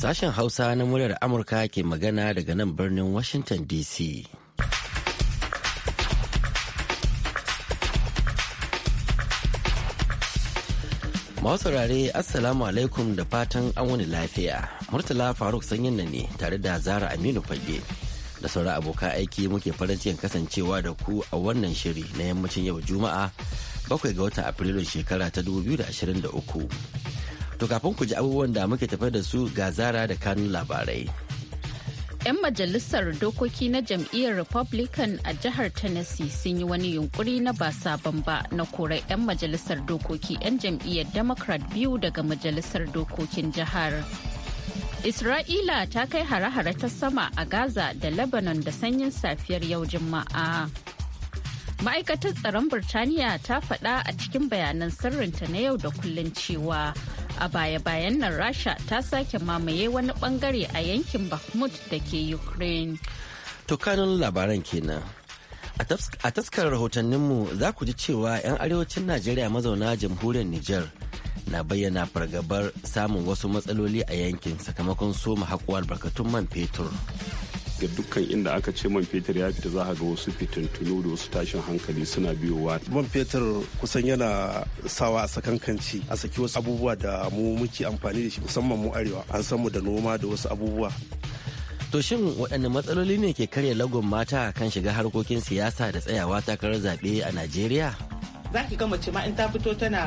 Sashen Hausa na muryar Amurka ke magana daga nan birnin Washington DC. saurare Assalamu alaikum da fatan an wani lafiya. Murtala Faruk sanyin nan ne tare da Zara Aminu Fage. Da sauran abokan aiki muke farin cikin kasancewa da ku a wannan shiri na yammacin yau Juma'a bakwai ga watan Afrilun shekara ta 2023. To kafin ku ji abubuwan da muke tafi da su ga zara da kanun labarai. 'Yan majalisar dokoki na jam'iyyar Republican a jihar Tennessee sun yi wani yunkuri na ba sabon ba na korar 'yan majalisar dokoki 'yan jam'iyyar Democrat biyu daga majalisar dokokin jihar. Isra'ila ta kai hare-hare ta sama a Gaza da Lebanon da sanyin safiyar yau Juma'a. Ma'aikatar tsaron Birtaniya ta faɗa a cikin bayanan sirrinta na yau da kullun cewa a baya-bayan nan rasha ta sake mamaye wani bangare a yankin bakhmut da ke ukraine to kanun labaran kenan a taskar rahotanninmu za ku ji cewa 'yan arewacin najeriya mazauna jamhuriyar niger na bayyana fargabar samun wasu matsaloli a yankin sakamakon soma haƙuwar barkatun man fetur. ga dukkan inda aka ce man fetur ya fita za a ga wasu fitintunu da wasu tashin hankali suna biyowa man fetur kusan yana sawa a sakankanci a saki wasu abubuwa da mu muke amfani da shi musamman mu arewa an san mu da noma da wasu abubuwa To shin waɗanne matsaloli ne ke karya lagon mata kan shiga harkokin siyasa da tsayawa takarar zaɓe a Najeriya? Za ki ga mace ma in ta fito tana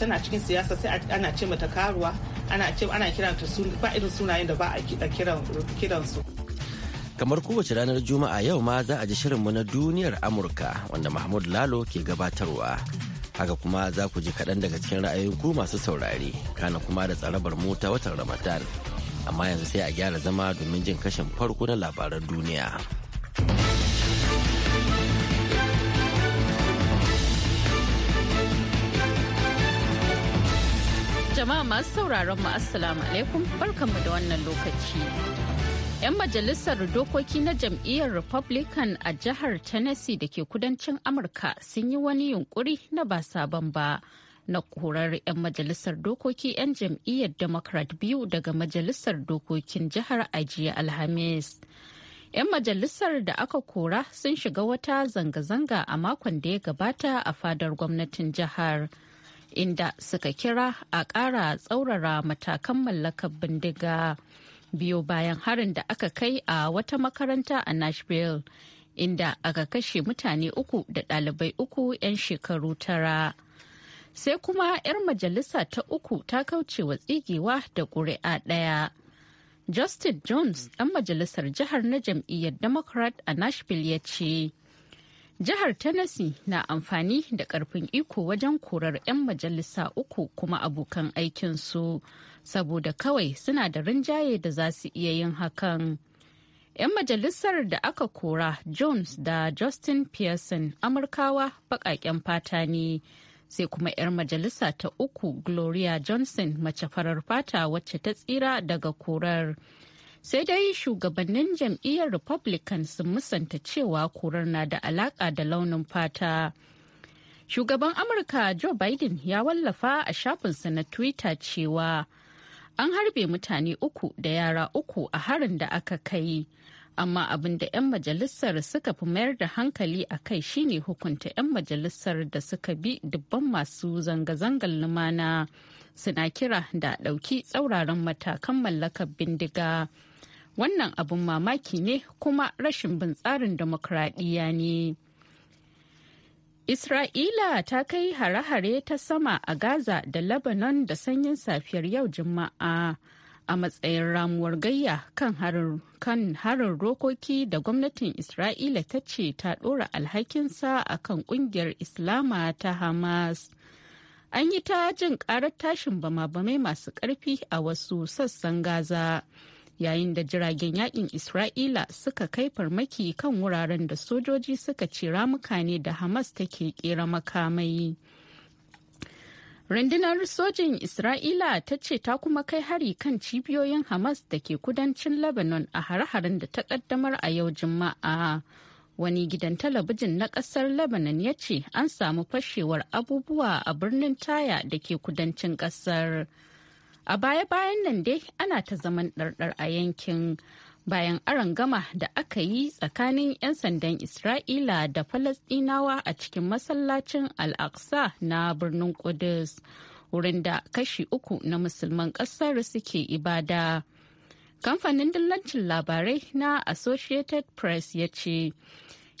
tana cikin siyasa sai ana ce mata karuwa ana ce ana kiranta ba irin sunayen da ba a kiran su. kamar kowace ranar juma'a yau ma za a ji shirinmu na duniyar amurka wanda mahmud lalo ke gabatarwa haka kuma za ku ji kaɗan daga cikin ra'ayin ku masu saurari kana kuma da tsarabar mota watan ramadan amma yanzu sai a gyara zama domin jin kashin farko na labaran duniya jama'a masu sauraron mu assalamu alaikum barkanmu da wannan lokaci 'Yan majalisar dokoki na jam'iyyar Republican a jihar Tennessee da ke kudancin Amurka sun yi wani yunkuri na ba sabon ba na korar 'yan majalisar dokoki 'yan jam'iyyar Democrat biyu daga majalisar dokokin jihar a Alhamis. 'Yan majalisar da aka kora sun shiga wata zanga-zanga a makon da ya gabata a fadar gwamnatin jihar. inda suka kira a ƙara tsaurara matakan mallakar bindiga. biyo bayan harin da aka kai a wata makaranta a Nashville inda aka kashe mutane uku da ɗalibai uku 'yan shekaru tara. Sai kuma 'yar majalisa ta uku ta kauce wa tsigewa da ƙuri'a ɗaya. Justin Jones ɗan majalisar jihar na jam'iyyar Democrat a Nashville ya ce, Jihar Tennessee na amfani da ƙarfin iko wajen korar 'yan majalisa uku kuma abokan aikinsu. su. saboda kawai suna da rinjaye da za su iya yin hakan. 'Yan majalisar da aka kora Jones da Justin Pearson Amurkawa baƙaƙen fata ne. Sai kuma 'yar majalisa ta uku Gloria Johnson mace farar fata wacce ta tsira daga korar. Sai dai shugabannin jam'iyyar Republican sun musanta cewa korar na da alaƙa da launin fata. Shugaban Amurka Joe Biden ya wallafa a shafinsa na Twitter cewa an harbe mutane uku da yara uku a harin da aka kai amma abin da 'yan majalisar suka fi mayar da hankali a kai shine hukunta 'yan majalisar da suka bi dubban masu zanga-zangar lumana suna kira da ɗauki tsauraran matakan mallakar bindiga wannan abin mamaki ne kuma rashin bin tsarin demokradiyya ne. Isra'ila ta kai hare-hare ta sama a Gaza da Lebanon da sanyin safiyar yau Juma'a a matsayin ramuwar gayya kan harin rokoki da gwamnatin Isra'ila ta ce ta ɗora alhakinsa a kan ƙungiyar Islama ta Hamas. An yi ta jin ƙarar tashin bama-bamai masu ƙarfi a wasu sassan Gaza. yayin da jiragen yakin Isra'ila suka kai farmaki kan wuraren da sojoji suka ce ramuka ne da Hamas take kera makamai. Rundunar sojin Isra'ila ta ce ta kuma kai hari kan cibiyoyin Hamas da ke kudancin Lebanon a hare-haren da ta kaddamar a yau Juma'a. Wani gidan talabijin na kasar Lebanon ya ce an samu fashewar abubuwa a birnin Taya da ke kudancin kasar. a baya-bayan nan dai ana ta zaman ɗarɗar a yankin bayan aron gama da aka yi tsakanin 'yan sandan isra'ila da Falasdinawa a cikin masallacin al-aqsa na birnin kudus wurin da kashi uku na musulman ƙasar suke ibada kamfanin dillancin labarai na associated press ya ce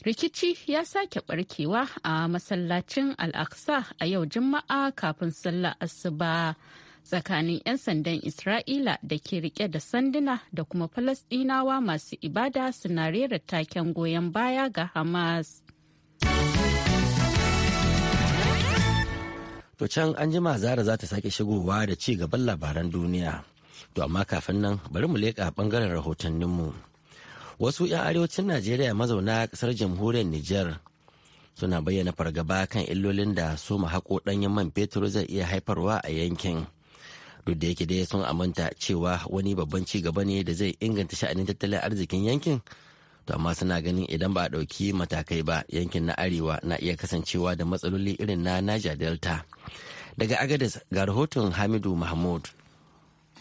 rikici ya sake barkewa a masallacin al-aqsa a yau juma'a kafin sallah asuba. tsakanin 'yan sandan Isra'ila da ke rike da sanduna da kuma Falasɗinawa masu ibada suna rera taken goyon baya ga Hamas. To can an jima zara za ta sake shigowa da ci gaban labaran duniya. To amma kafin nan bari mu leƙa ɓangaren rahotanninmu. Wasu 'yan arewacin Najeriya mazauna ƙasar jamhuriyar Nijar suna bayyana fargaba kan illolin da su haƙo ɗanyen man fetur zai iya haifarwa a yankin. duk da yake dai sun aminta cewa wani babban ci gaba ne da zai inganta sha'anin tattalin arzikin yankin to amma suna ganin idan ba a ɗauki matakai ba yankin na arewa na iya kasancewa da matsaloli irin na naja delta daga agadez ga rahoton hamidu mahmud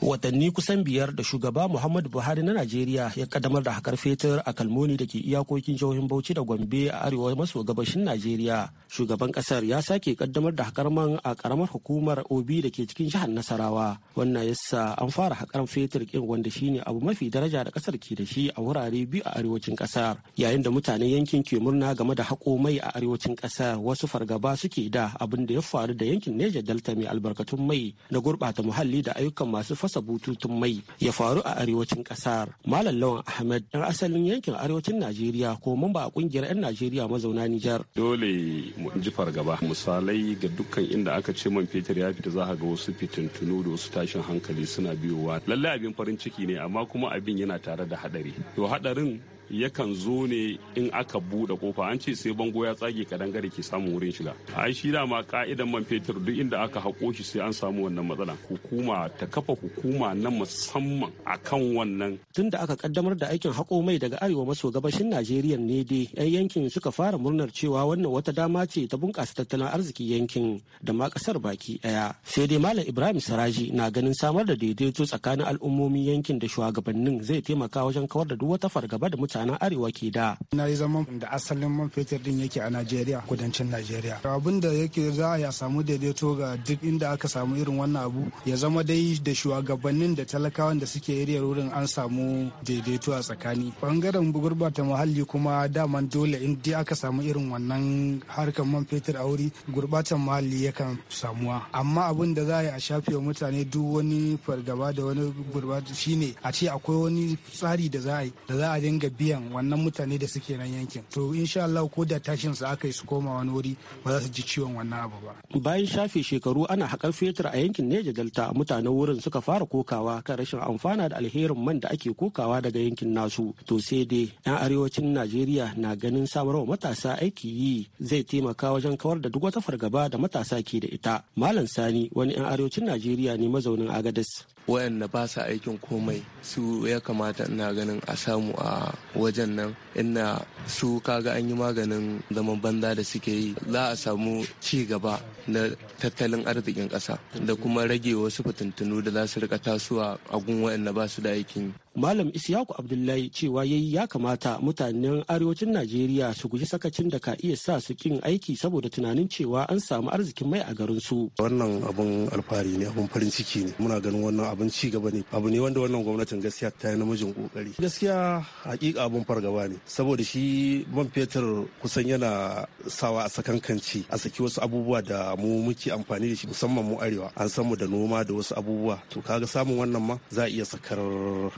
watanni kusan biyar da shugaba muhammadu buhari na najeriya ya kaddamar da hakar fetur a kalmoni da ke iyakokin jihohin bauchi da gombe a arewa maso gabashin najeriya shugaban kasar ya sake kaddamar da hakar man a karamar hukumar obi da ke cikin jihar nasarawa wannan yasa an fara hakar fetur kin wanda shine abu mafi daraja da kasar ke da shi a wurare biyu a arewacin kasar yayin da mutanen yankin ke murna game da hako mai a arewacin kasar wasu fargaba suke da abin da ya faru da yankin neja delta mai albarkatun mai na gurɓata muhalli da ayyukan masu fasa Masa bututun mai ya faru a arewacin kasar malam lawan ahmed dan asalin yankin arewacin najeriya ko mamba a kungiyar 'yan najeriya mazauna nijar dole mu ji fargaba misalai ga dukkan inda aka ce man fetur ya fita za a ga wasu fitintunu da wasu tashin hankali suna biyowa lallai abin farin ciki ne amma kuma abin yana tare da hadari to hadarin yakan zo ne in aka buɗe kofa an ce sai bango ya tsage kadangare ke samun wurin shiga ai shi ma ka'idan man fetur duk inda aka haƙo shi sai an samu wannan matsala hukuma ta kafa hukuma na musamman akan wannan tunda aka kaddamar da aikin haƙo mai daga arewa maso gabashin najeriya ne dai yan yankin suka fara murnar cewa wannan wata dama ce ta bunƙasa tattalin arziki yankin da ma ƙasar baki ɗaya sai dai malam ibrahim saraji na ganin samar da daidaito tsakanin al'ummomin yankin da shugabannin zai taimaka wajen kawar da duk wata fargaba da mutane matasa na arewa ke da. Na yi zaman da asalin man fetur din yake a Najeriya kudancin Najeriya. Abin da yake za a samu daidaito ga duk inda aka samu irin wannan abu ya zama dai da shugabannin da talakawan da suke iri wurin an samu daidaito a tsakani. Bangaren gurbata muhalli kuma daman dole in dai aka samu irin wannan harkar man fetur a wuri gurbatan muhalli yakan samuwa. Amma abin da za a yi a shafe mutane duk wani fargaba da wani gurbata shine a ce akwai wani tsari da za a yi da za a dinga biya miliyan wannan mutane da suke nan yankin to insha Allah ko da tashin su aka yi su koma wani wuri ba za su ji ciwon wannan abu ba bayan shafe shekaru ana hakar fetur a yankin Neja Delta mutanen wurin suka fara kokawa kan rashin amfana da alherin man da ake kokawa daga yankin nasu to sai dai yan arewacin Najeriya na ganin samarwa matasa aiki yi zai taimaka wajen kawar da duk wata fargaba da matasa ke da ita malam Sani wani yan arewacin Najeriya ne mazaunin Agadez wayanda ba sa aikin komai su ya kamata ina ganin a samu a wajen nan ina su kaga an yi maganin zaman banza da suke yi za a samu ci gaba na tattalin arzikin ƙasa da kuma rage wasu fitintunu da za su rika tasowa a gun wayanda ba su da aikin Malam Isiyaku Abdullahi cewa yayi ya kamata mutanen arewacin Najeriya su guji sakacin da ka iya sa su kin aiki saboda tunanin cewa an samu arzikin mai a garin su. Wannan abun alfahari ne abun farin ciki ne muna ganin wannan abun ci gaba ne abu ne wanda wannan gwamnatin gaskiya ta yi namijin kokari. Gaskiya hakika abun fargaba ne saboda shi man fetur kusan yana sawa a sakankanci a saki wasu abubuwa da mu muke amfani da shi musamman mu arewa an samu da noma da wasu abubuwa to kaga samun wannan ma za a iya sakar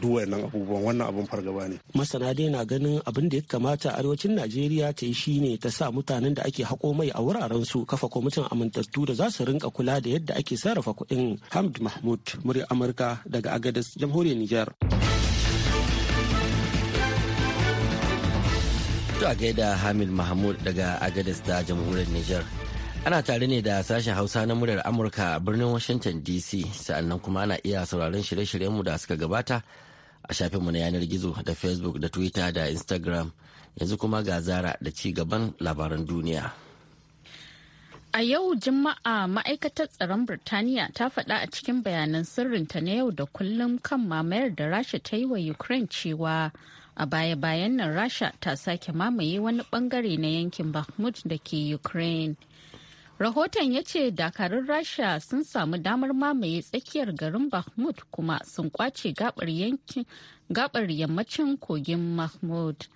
duwa wayannan abubuwan wannan abun fargaba ne masana dai na ganin abin da ya kamata arewacin najeriya ta yi shine ta sa mutanen da ake hako mai a wuraren su kafa kwamitin amintattu da za su rinka kula da yadda ake sarrafa kuɗin hamd mahmud murya amurka daga agadas jamhuriyar niger To a gaida Hamid Mahmud daga Agadez ta jamhuriyar Nijar. Ana tare ne da sashen Hausa na muryar Amurka a birnin Washington DC, sannan kuma ana iya sauraron shirye-shiryenmu da suka gabata a shafinmu na yanar gizo da facebook da twitter da instagram yanzu kuma ga zara da ci gaban labaran duniya a yau juma'a ma'aikatar tsaron birtaniya ta faɗa a cikin bayanan sirrinta na yau da kullum kan mamayar da rasha ta yi wa ukraine cewa a baya-bayan nan rasha ta sake mamaye wani bangare na yankin bakhmut da ke ukraine Rahoton ya ce dakarun Rasha sun samu damar mamaye tsakiyar garin Bakhmut kuma sun kwace gabar yammacin kogin Mahmud.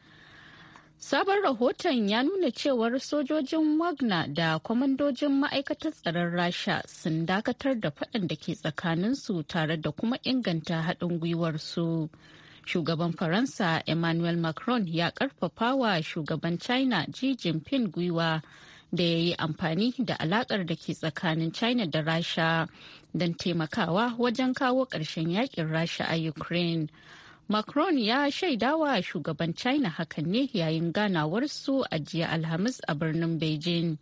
Sabon rahoton ya nuna cewar sojojin Wagner da kwamandojin ma'aikatar tsaron Rasha sun dakatar da faɗan da ke tsakaninsu tare da kuma inganta haɗin gwiwarsu. Shugaban Faransa Emmanuel Macron ya ƙarfafa wa shugaban China Xi Jinping gwiwa. da ya yi amfani da alakar da ke tsakanin china da rasha don taimakawa wajen kawo ƙarshen yakin rasha a ukraine macron ya shaidawa shugaban china hakan ne yayin ganawarsu a jiya alhamis a birnin beijing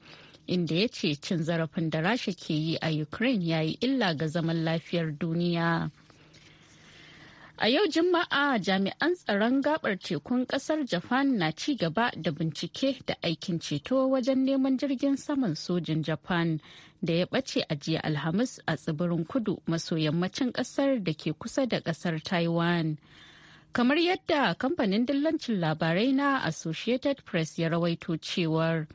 inda ya ce cin zarafin da rasha ke yi a ukraine ya yi illa ga zaman lafiyar duniya. A yau Juma'a jami'an tsaron gabar tekun kasar Japan na ci gaba da bincike da aikin ceto wajen neman jirgin saman sojin Japan da ya ɓace a jiya Alhamis a tsibirin kudu maso yammacin kasar da ke kusa da kasar Taiwan. Kamar yadda kamfanin dillancin labarai na Associated Press ya rawaito cewar,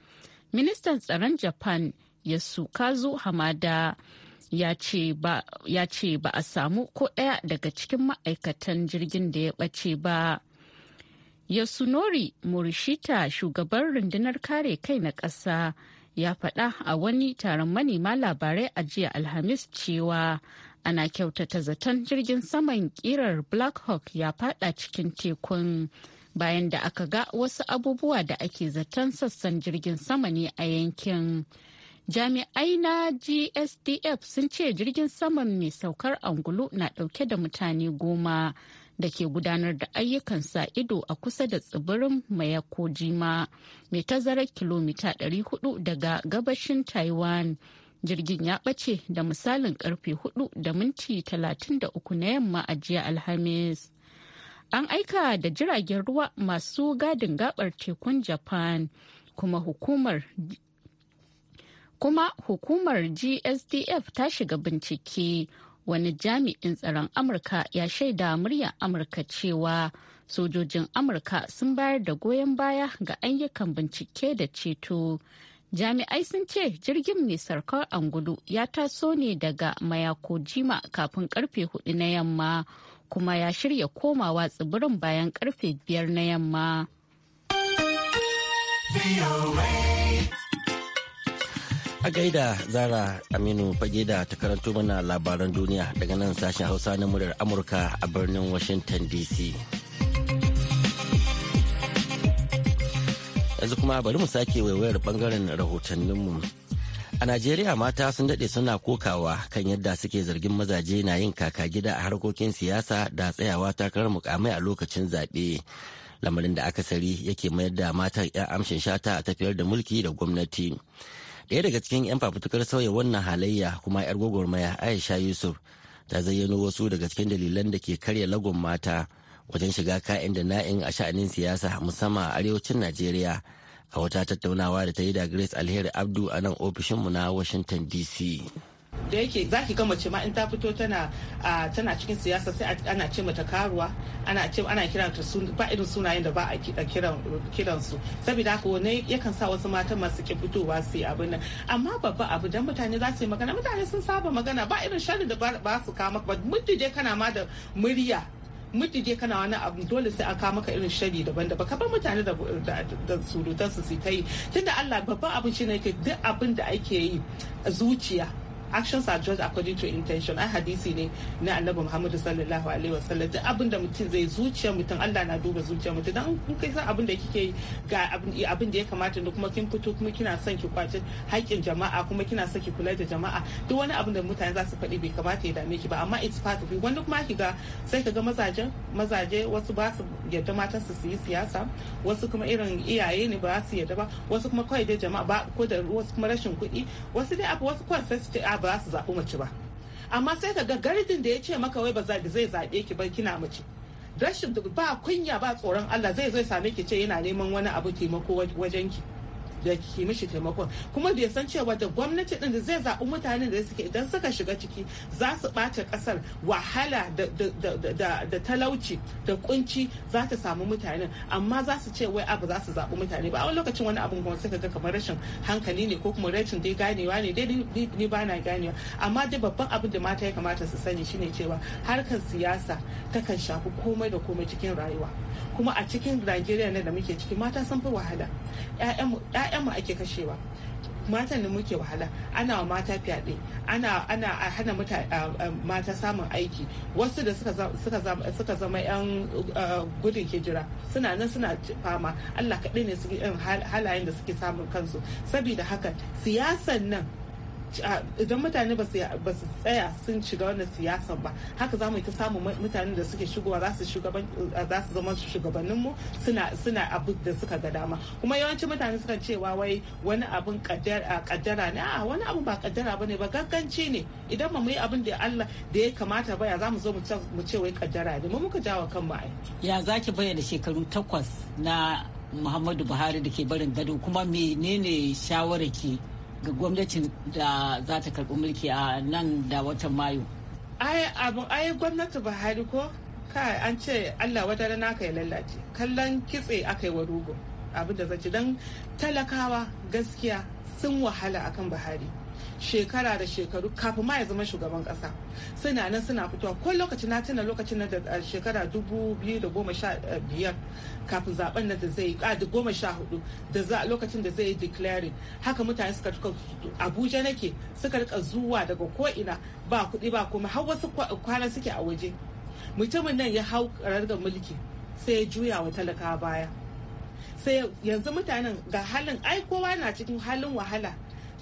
Ministan tsaron Japan Yasukazu Hamada ya ce ba a samu ko ɗaya daga cikin ma'aikatan jirgin da ya ɓace ba. Yasunori murishita shugaban rundunar kare kai na ƙasa ya faɗa a wani taron manema labarai a jiya Alhamis cewa ana kyautata zaton jirgin saman kirar Black Hawk ya faɗa cikin tekun bayan da aka ga wasu abubuwa da ake zaton sassan jirgin sama ne a yankin. jami'ai na gsdf sun ce jirgin saman mai saukar angulu na dauke da mutane goma da ke gudanar da ayyukan sa ido a kusa da tsibirin mayakojima mai tazarar kilomita 400 daga gabashin taiwan jirgin ya bace da misalin karfe 4 da minti 33 na yamma a jiya alhamis an aika da jiragen ruwa masu gadin gabar tekun japan kuma hukumar kuma hukumar gsdf ta shiga bincike wani jami'in tsaron amurka ya shaida muryar amurka cewa sojojin amurka sun bayar da goyon baya ga ayyukan bincike da ceto jami'ai sun ce jirgin mai sarkar angulu ya taso ne daga mayako jima kafin karfe hudu na yamma kuma ya shirya komawa tsibirin bayan karfe biyar na yamma. A gaida Zara Aminu fage da ta karanto mana labaran duniya daga nan sashen Hausa na muryar Amurka a birnin Washington DC. Yanzu kuma bari mu sake waiwayar bangaren rahotanninmu. A Najeriya mata sun daɗe suna kokawa kan yadda suke zargin mazaje na yin kaka gida a harkokin siyasa da tsayawa takarar mukamai a lokacin zaɓe. Lamarin da akasari yake mayar da matan 'yan amshin shata a tafiyar da mulki da gwamnati. ɗaya daga cikin 'yan fafutukar sauya wannan halayya kuma 'yar gwagwarmaya aisha yusuf ta zayyano wasu daga cikin dalilan da ke karya lagon mata wajen shiga ka'in da na'in a sha'anin siyasa musamman a arewacin najeriya a wata tattaunawa da ta yi da grace alheri abdu a nan ofishinmu na washington dc da yake zaki ga mace ma in ta fito tana tana cikin siyasa sai ana ce mata karuwa ana ce ana kira ta sun ba irin sunayen da ba a kiran kiran su saboda haka wani yakan sa wasu mata masu ki fitowa su yi abin nan amma babba abu dan mutane za su yi magana mutane sun saba magana ba irin sharri da ba su kama ba muddi dai kana ma da murya muddi dai kana wani abu dole sai a kawo maka irin shari daban-daban ka bar mutane da surutan su ta yi tunda Allah babban abin shi ne duk abin da ake yi zuciya actions are judged according to intention hadisi ne na annabi muhammadu sallallahu alaihi wasallam duk abin da mutum zai mutum allah na duba zuciyar mutum dan kun kai san abin da kike ga abin da ya kamata da kuma kin fito kuma kina son ki kwace haƙƙin jama'a kuma kina son ki kula da jama'a duk wani abin da mutane za su faɗi bai kamata ya dame ki ba amma it's part of it kuma ki ga sai ka ga mazajen mazaje wasu ba su yadda matan su yi siyasa wasu kuma irin iyaye ne ba su yadda ba wasu kuma kawai dai jama'a ba ko da wasu kuma rashin kuɗi wasu dai abu wasu kawai sai ah, ba su zaɓi mace ba amma sai ka ga gardin da ya ce maka wai ba zai zaɓe ki ba kina mace rashin ba kunya ba tsoron Allah zai zai same ki ce yana neman wani abu taimako wajen ki da ke mishi taimakon kuma bai san cewa da gwamnati din da zai zaɓi mutanen da suke idan suka shiga ciki za su ɓata ƙasar wahala da talauci da kunci za ta samu mutanen amma za su ce wai abu za su zaɓi mutane ba a wani lokacin wani abin kuma suka ga kamar rashin hankali ne ko kuma rashin dai ganewa ne dai ni ba na ganewa amma dai babban abin da mata ya kamata su sani shine cewa harkar siyasa takan shafi komai da komai cikin rayuwa kuma a cikin Najeriya ne da muke ciki mata sun fi wahala mu ake kashewa matan da muke wahala ana wa mata fyaɗe ana hana mata samun aiki wasu da suka zama yan gudun hijira suna nan suna fama Allah kaɗai ne su halayen da suke samun kansu saboda haka siyasan nan idan mutane ba su tsaya sun shiga wannan siyasa ba haka za mu ta samun mutanen da suke shigowa za su zama shugabanninmu suna abu da suka ga dama kuma yawancin mutane suka cewa wai wani abin kaddara ne a wani abu ba kaddara ba ne ba gagganci ne idan mu yi abin da Allah da ya kamata ba ya za mu zo mu ce wai kaddara ne mu muka jawo kan ai ya zaki bayyana shekaru takwas na Muhammadu Buhari da ke barin gado kuma menene shawararki ga gwamnatin da za ta karɓi mulki a nan da watan mayu ai abin ai gwamnati buhari ko kai an ce allah wata rana ka ya lallace kallon kitse aka yi wa rugo abin da zaci don talakawa gaskiya sun wahala akan bahari. shekara da shekaru kafin ma ya zama shugaban kasa suna nan suna fitowa ko lokacin na tuna lokacin na da shekara dubu biyu da goma sha eh, biyar kafin zaben nan da zai yi kadi goma sha hudu da lokacin da zai yi declaring haka mutane suka tuka abuja nake suka rika zuwa daga ko ina ba kuɗi ba kuma har wasu kwana suke a waje mutumin nan ya hau da mulki sai ya juya wa talaka baya sai yanzu mutanen ga halin ai kowa na cikin halin wahala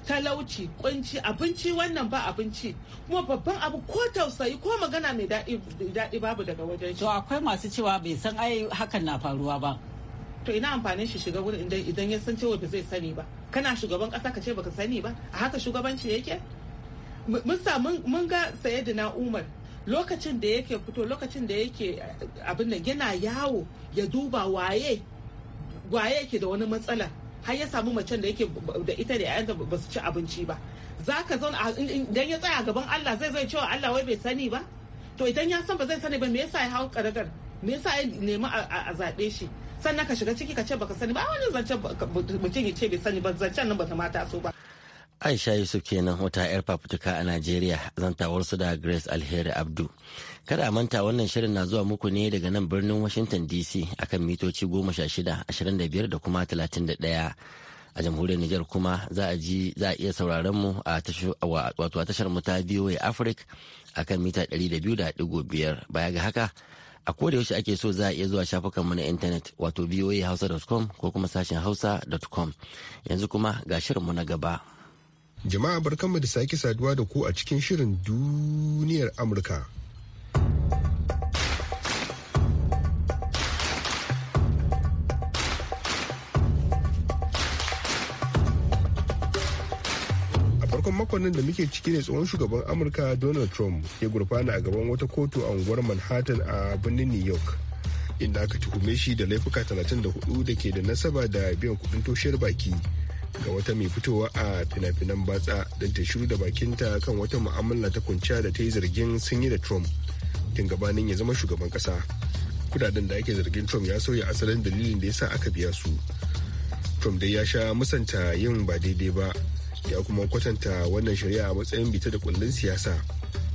talauci kunci abinci wannan ba abinci kuma babban abu ko tausayi ko magana mai daɗi babu daga wajen shi to akwai masu cewa bai san ai hakan na faruwa ba to ina amfanin shi shiga wurin idan ya san cewa ba zai sani ba kana shugaban kasa ka ce baka sani ba a haka shugabanci yake mun sa mun ga sayyidina umar lokacin da yake fito lokacin da yake eh, abin nan yana yawo ya duba waye waye yake da wani matsalar. har ya samu macen da yake da ita da yayanta ba su ci abinci ba za ka zauna idan ya tsaya gaban Allah zai zai cewa Allah wai bai sani ba to idan ya san ba zai sani ba me yasa ya hau karagar me yasa ya nemi a zaɓe shi sannan ka shiga ciki ka ce baka sani ba wani zancen mutum ya ce bai sani ba zancen nan ta mata so ba Aisha Yusuf kenan wata 'yar fafutuka a Najeriya su da Grace Alheri Abdu. Kada a manta wannan shirin na zuwa muku ne daga nan birnin Washington DC akan mitoci 16, 25 da kuma 31. A jamhuriyar Nijar kuma za a ji za a iya sauraron mu a tashar mu ta VOA Africa akan mita 200.5 baya ga haka a koda yaushe ake so za a iya zuwa shafukanmu na intanet wato voahausa.com ko kuma sashen hausa.com yanzu kuma ga shirinmu na gaba. Jama'a barkanmu da sake saduwa da ku a cikin shirin duniyar Amurka. makonnin da muke ciki ne tsohon shugaban amurka donald trump ya gurfana a gaban wata kotu a unguwar manhattan a birnin new york inda aka tuhume shi da laifuka 34 da ke da nasaba da biyan kudin toshiyar baki ga wata mai fitowa a fina-finan batsa don ta shiru da bakinta kan wata mu'amala ta kunciya da ta yi zargin sun yi da trump tun gabanin ya zama shugaban kasa kudaden da ake zargin trump ya sauya asalin dalilin da ya sa aka biya su trump dai ya sha musanta yin ba daidai ba ya kuma kwatanta wannan shari'a a matsayin bita da kullun siyasa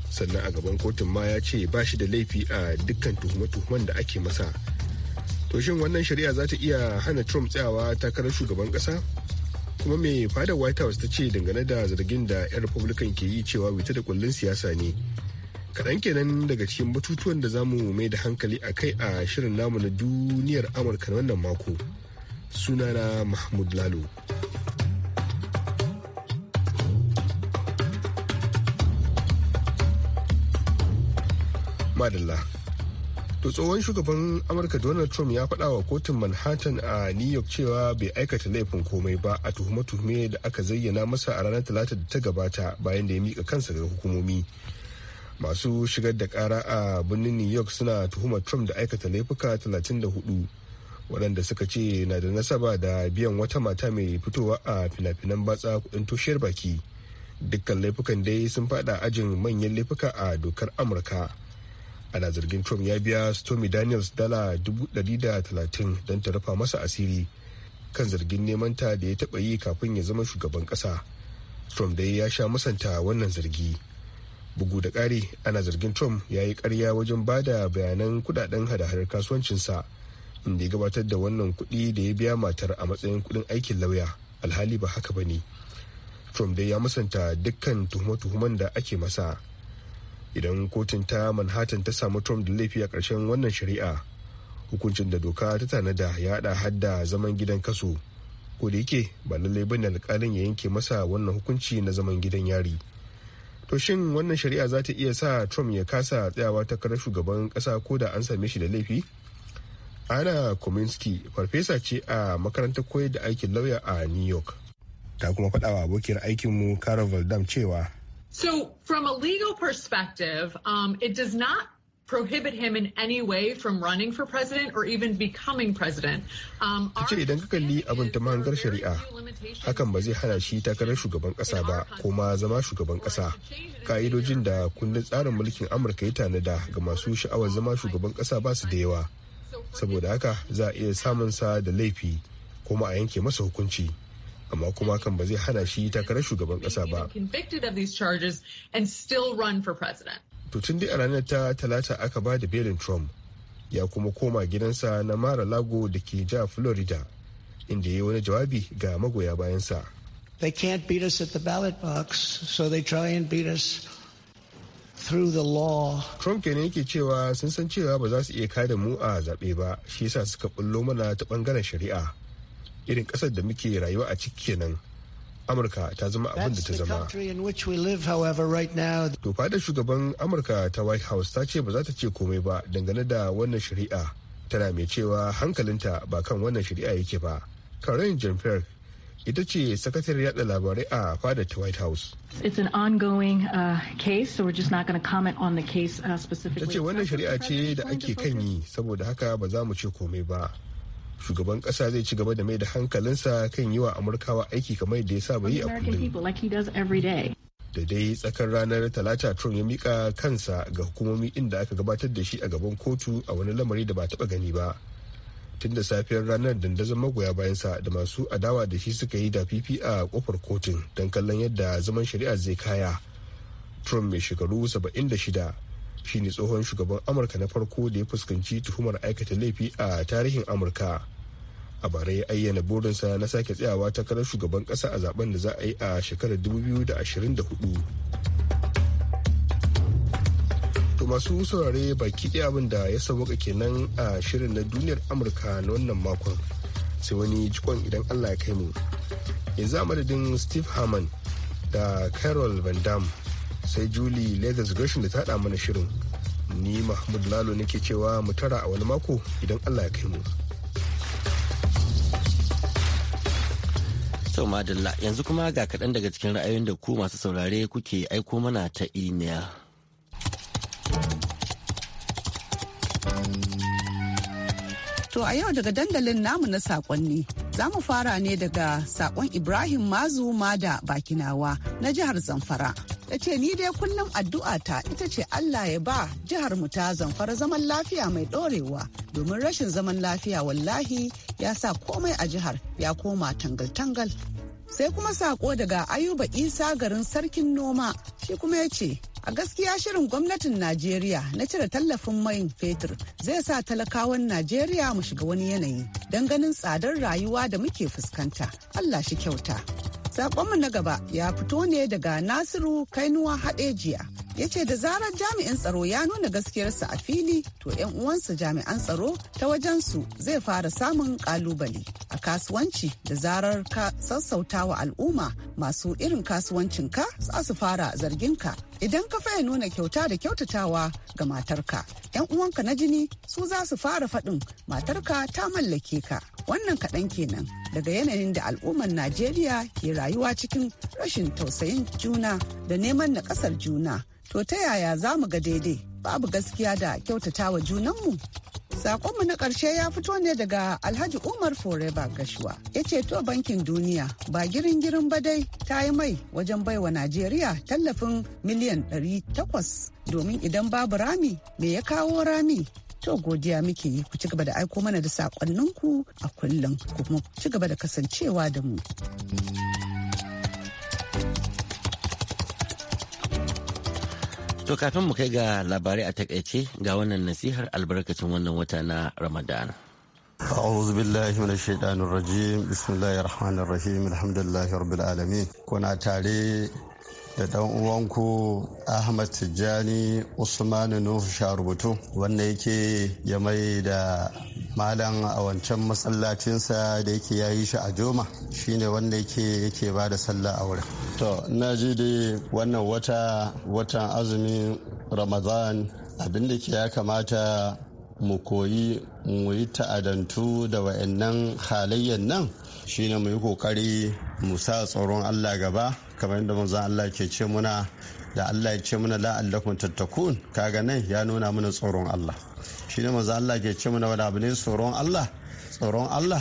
sannan a gaban kotun ma ya ce ba shi da laifi a dukkan tuhume-tuhumen da ake masa to shin wannan shari'a za ta iya hana trump tsayawa takarar shugaban kasa kuma mai fadar white house ta ce dangane da zargin da 'yan republican ke yi cewa wita da kullun siyasa ne kaɗan kenan daga cikin batutuwan da zamu mai da hankali a kai a shirin namu na duniyar amurka na wannan mako sunana mahmud lalo madalla to tsohon shugaban amurka donald trump ya faɗa wa kotun manhattan a new york cewa bai aikata laifin komai ba a tuhume-tuhume da aka zayyana masa a ranar talata da ta gabata bayan da ya mika kansa ga hukumomi masu shigar da kara a birnin new york suna tuhumar trump da aikata laifuka 34 waɗanda suka ce na da nasaba da biyan wata mata mai fitowa a fina-finan batsa kuɗin toshiyar baki dukkan laifukan dai sun fada ajin manyan laifuka a dokar amurka ana zargin trump ya biya stormy daniels dala 130 don ta rufa masa asiri kan zargin neman ta da ya taɓa yi kafin ya zama shugaban ƙasa trump dai ya sha musanta wannan zargi bugu da ƙari ana zargin trump ya yi karya wajen ba da bayanan kudaden hada-hadar kasuwancinsa inda ya gabatar da wannan kudi da ya biya matar a matsayin kudin aikin lauya alhali ba haka ba ne trump dai ya musanta dukkan tuhuma tuhumen da ake masa idan kotun ta manhattan ta samu trump da laifi a ƙarshen wannan shari'a hukuncin da doka ta tanada ya hada hadda zaman gidan kaso ko da yake ba lallai bane alƙalin ya yanke masa wannan hukunci na zaman gidan yari to shin wannan shari'a za ta iya sa trump ya kasa tsayawa ta karar shugaban ƙasa ko da an same shi da laifi ana kominski farfesa ce a makarantar koyar da aikin lauya a new york ta kuma faɗawa abokiyar aikinmu carol dam cewa So from a legal perspective, um, it does not prohibit him in any way from running for president or even becoming president. Um, ce idan ka kalli abin ta mahangar shari'a hakan ba zai hana shi takarar shugaban kasa ba ko ma zama shugaban kasa. Ka'idojin da kundin tsarin mulkin Amurka ya tanada ga masu sha'awar zama shugaban kasa ba su da yawa. Saboda haka za a iya samun sa da laifi kuma a yanke masa hukunci. amma kuma kan ba zai hana shi takarar shugaban kasa ba. To tun dai a ranar ta talata aka ba da belin Trump ya kuma koma gidansa na Mara Lago da ke ja Florida inda ya yi wani jawabi ga magoya bayansa. They can't beat us at the ballot box, so they try and beat us through the law. Trump kenan yake cewa sun san cewa ba za su iya kada mu a zaɓe ba, shi yasa suka bullo mana ta ɓangaren shari'a. irin ƙasar da muke rayuwa a ciki kenan amurka ta zama abin da ta zama to fadar shugaban amurka ta white house ta ce ba za ta ce komai ba dangane da wannan shari'a tana mai cewa hankalinta ba kan wannan shari'a yake ba karen jean ita ce sakatar yada labarai a fadar ta white house It's an ongoing uh, case, so we're just not going to comment on the case uh, specifically. Ta ce wannan shari'a ce da ake kan yi, saboda haka ba za mu ce komai ba. shugaban kasa zai ci gaba da mai da hankalinsa kan yi wa amurkawa aiki kamar da ya saba yi a kullum da dai tsakar ranar talata trump ya mika kansa ga hukumomi inda aka gabatar da shi a gaban kotu a wani lamari da ba taba gani ba tun da safiyar ranar dandazon magoya bayansa da masu adawa da shi suka yi da fifi a kofar kotun don kallon yadda zaman shari'a zai kaya trump mai shekaru 76 shine tsohon shugaban amurka na farko da ya fuskanci tuhumar aikata laifi a tarihin amurka a bara ya ayyana burinsa na sake tsayawa takarar shugaban kasa a zaben da za a yi a shekarar 2024 to masu saurare baki ɗaya abin da ya sauka kenan a shirin na duniyar amurka na wannan makon sai wani jikon idan allah ya kai mu yanzu a madadin steve harman da carol van damme sai julie leathers gresham da ta haɗa mana shirin ni mahmud lalo nake cewa mu tara a wani mako idan allah ya kai mu sau madalla yanzu kuma ga kaɗan daga cikin ra'ayoyin da ku masu saurare kuke aiko mana ta imiya To a yau daga dandalin namu na sakonni za mu fara ne daga sakon Ibrahim Mazu Mada Bakinawa na jihar Zamfara ta ce ni dai kullum addu'a ta ita ce Allah ya ba jihar mu ta zamfara zaman lafiya mai ɗorewa domin rashin zaman lafiya wallahi ya sa komai a jihar ya koma tangal-tangal. Sai kuma sako daga Ayuba Isa garin sarkin noma shi kuma ya ce a gaskiya shirin gwamnatin Najeriya na cire tallafin mai fetur zai sa talakawan Najeriya mu shiga wani yanayi don ganin tsadar rayuwa da muke fuskanta. Allah shi kyauta. Sakonmu na gaba ya fito ne daga Nasiru Kainuwa Haɗejiya. Ya ce da zarar jami'in tsaro ya nuna gaskiyarsa a fili to 'yan uwansa jami'an tsaro ta wajensu zai fara samun ƙalubale. a kasuwanci da zarar ka sassauta wa al'umma masu irin kasuwancinka za su fara zargin ka. idan ka faya nuna kyauta da kyautatawa ga matarka yan uwanka na jini su za su fara faɗin matarka ta mallake ka wannan kaɗan kenan daga yanayin da al'ummar najeriya ke rayuwa cikin rashin tausayin juna da neman na ƙasar juna To ta yaya za mu ga daidai babu gaskiya da kyautatawa junanmu? saƙonmu na ƙarshe ya fito ne daga Alhaji Umar Foreba Gashuwa. Ya ce to bankin duniya ba girin girin ba dai ta yi mai wajen baiwa Najeriya tallafin miliyan 800 domin idan babu rami me ya kawo rami To godiya muke yi ku ci gaba da aiko mana da sakonninku a kullum kuma ci gaba da kasancewa da mu. To kafin mu kai ga labarai a takaice ga wannan nasihar albarkacin wannan wata na Ramadan. أعوذ بالله من الشيطان الرجيم بسم الله الرحمن الرحيم الحمد لله رب العالمين كنا تاري da dan uwanku ahmad tijjani usmanu nufu sharubutu wanda yake ya mai da malam a wancan masallacinsa da yake yayi shi a joma shine wanda yake yake ba da sallah a wurin to na ji da wannan wata watan azumin ramadan abin da ke ya kamata mu koyi mu yi ta'adantu da wa'annan halayyar nan shine mu yi kokari mu sa tsoron allah gaba kamar yadda manzo Allah ke ce muna da Allah ya ce muna la'allakum tattakun kaga nan ya nuna mana tsoron Allah shine manzo Allah ke ce muna wani abu ne tsoron Allah tsoron Allah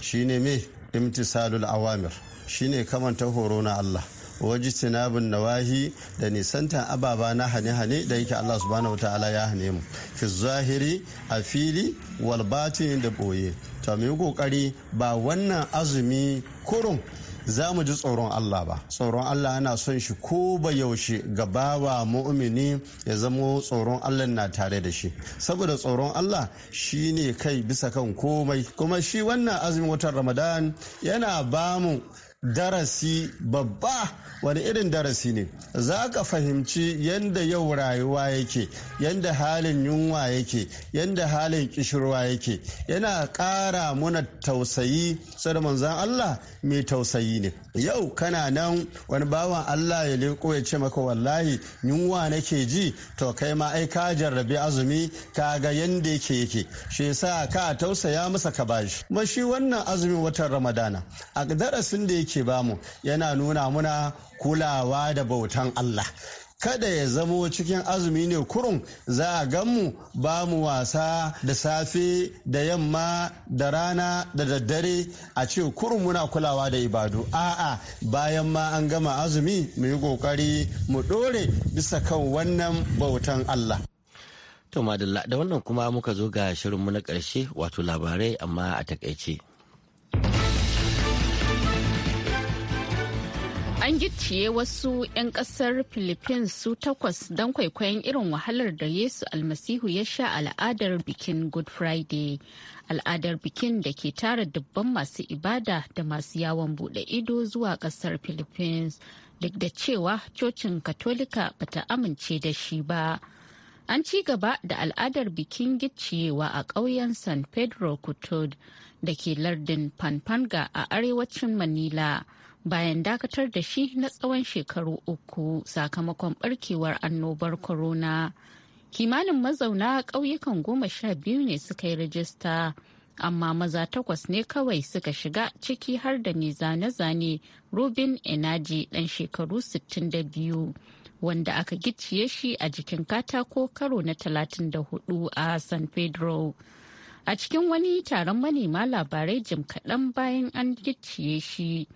shine me imtisalul awamir shine kamanta horo na Allah waji sinabin nawahi da nisantan ababa na hane-hane da yake Allah subhanahu ta'ala ya hane mu fi zahiri a fili wal da boye ta mai kokari ba wannan azumi kurum za mu ji tsoron Allah ba tsoron Allah yana son shi ko ba yaushe ga bawa mu'mini ya zamo tsoron Allah na tare da shi saboda tsoron Allah shi ne kai bisa kan komai kuma shi wannan azumin watan Ramadan yana ba mu darasi babba wani irin darasi ne za ka fahimci yadda yau rayuwa yake yadda halin yunwa yake yadda halin kishirwa yake yana ƙara muna tausayi sai manzan Allah mai tausayi ne yau kana nan wani bawan Allah ya leko ya ce maka wallahi yunwa nake ji to kai ma ai ka jarrabi azumi ka ga yadda yake yake shi yasa ka tausaya masa ka bashi shi wannan azumin watan ramadana a darasin da yake yake bamu yana nuna muna kulawa da bautan Allah kada ya zamo cikin azumi ne kurun za a ganmu ba mu wasa da safe da yamma da rana da daddare a ce kurun muna kulawa da ibadu a'a bayan ma an gama azumi mu yi kokari mu dore bisa kan wannan bautan Allah to da wannan kuma muka zo ga shirinmu na ƙarshe wato labarai amma a takaice An gicciye wasu 'yan kasar Philippines su takwas don kwaikwayon irin wahalar da Yesu almasihu ya sha al'adar bikin Good Friday. Al'adar bikin da ke tara dubban masu ibada da masu yawon bude ido zuwa kasar Philippines duk da cewa cocin Katolika bata amince da shi ba. An ci gaba da al'adar bikin gicciyewa a ƙauyen San Pedro Cotod da ke lardin panpanga a arewacin Manila. bayan dakatar da shi na tsawon shekaru uku sakamakon barkewar annobar corona kimanin mazauna ƙauyukan goma sha biyu ne suka yi rajista amma maza takwas ne kawai suka shiga ciki har da mai zane-zane robin enaji ɗan shekaru 62 wanda aka gicciye shi a jikin katako karo na 34 a san pedro a cikin wani taron manema labarai jim kaɗan bayan an gicciye shi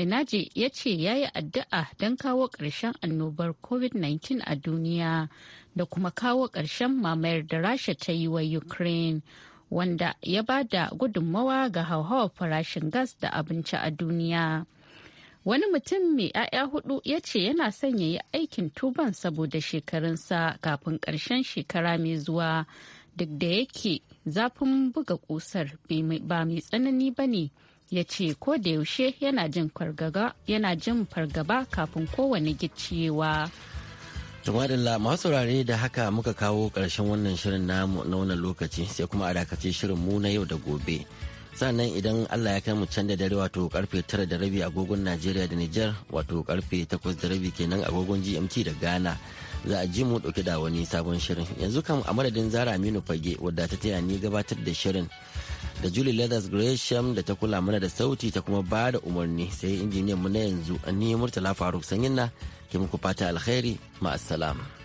Enaji ya ce ya yi addu'a don kawo ƙarshen annobar COVID-19 a duniya da kuma kawo ƙarshen mamayar da Rasha ta yi wa Ukraine, wanda ya ba da gudunmawa ga hauhawar farashin gas da abinci a duniya. Wani mutum mai 'ya'ya hudu ya ce yana son ya yi aikin tuban saboda shekarunsa kafin ƙarshen shekara mai zuwa duk da yake zafin buga kusar ba mai tsanani ba ne. ya ce ko da yaushe yana jin fargaba kafin kowane gicciyewa. tumadilla masu saurare da haka muka kawo ƙarshen wannan shirin namu na wannan lokaci sai kuma a dakace shirin mu na yau da gobe sannan idan allah ya kai mu can da dare wato karfe tara da rabi agogon najeriya da niger wato karfe takwas da rabi kenan agogon gmt da ghana za a ji mu dauke da wani sabon shirin yanzu kam a madadin zara aminu fage wadda ta taya ni gabatar da shirin da Julie Leathers Gresham da ta kula mana da sauti ta kuma ba da umarni sai injiniyan mu na yanzu ni Murtala Faruk Sanyin na ke muku fata alkhairi ma'assalam.